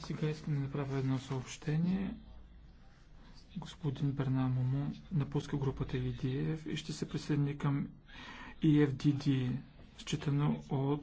сега искам да направя едно съобщение. Господин Бернамомо напуска групата EDF и ще се присъедини към EFDD, считано от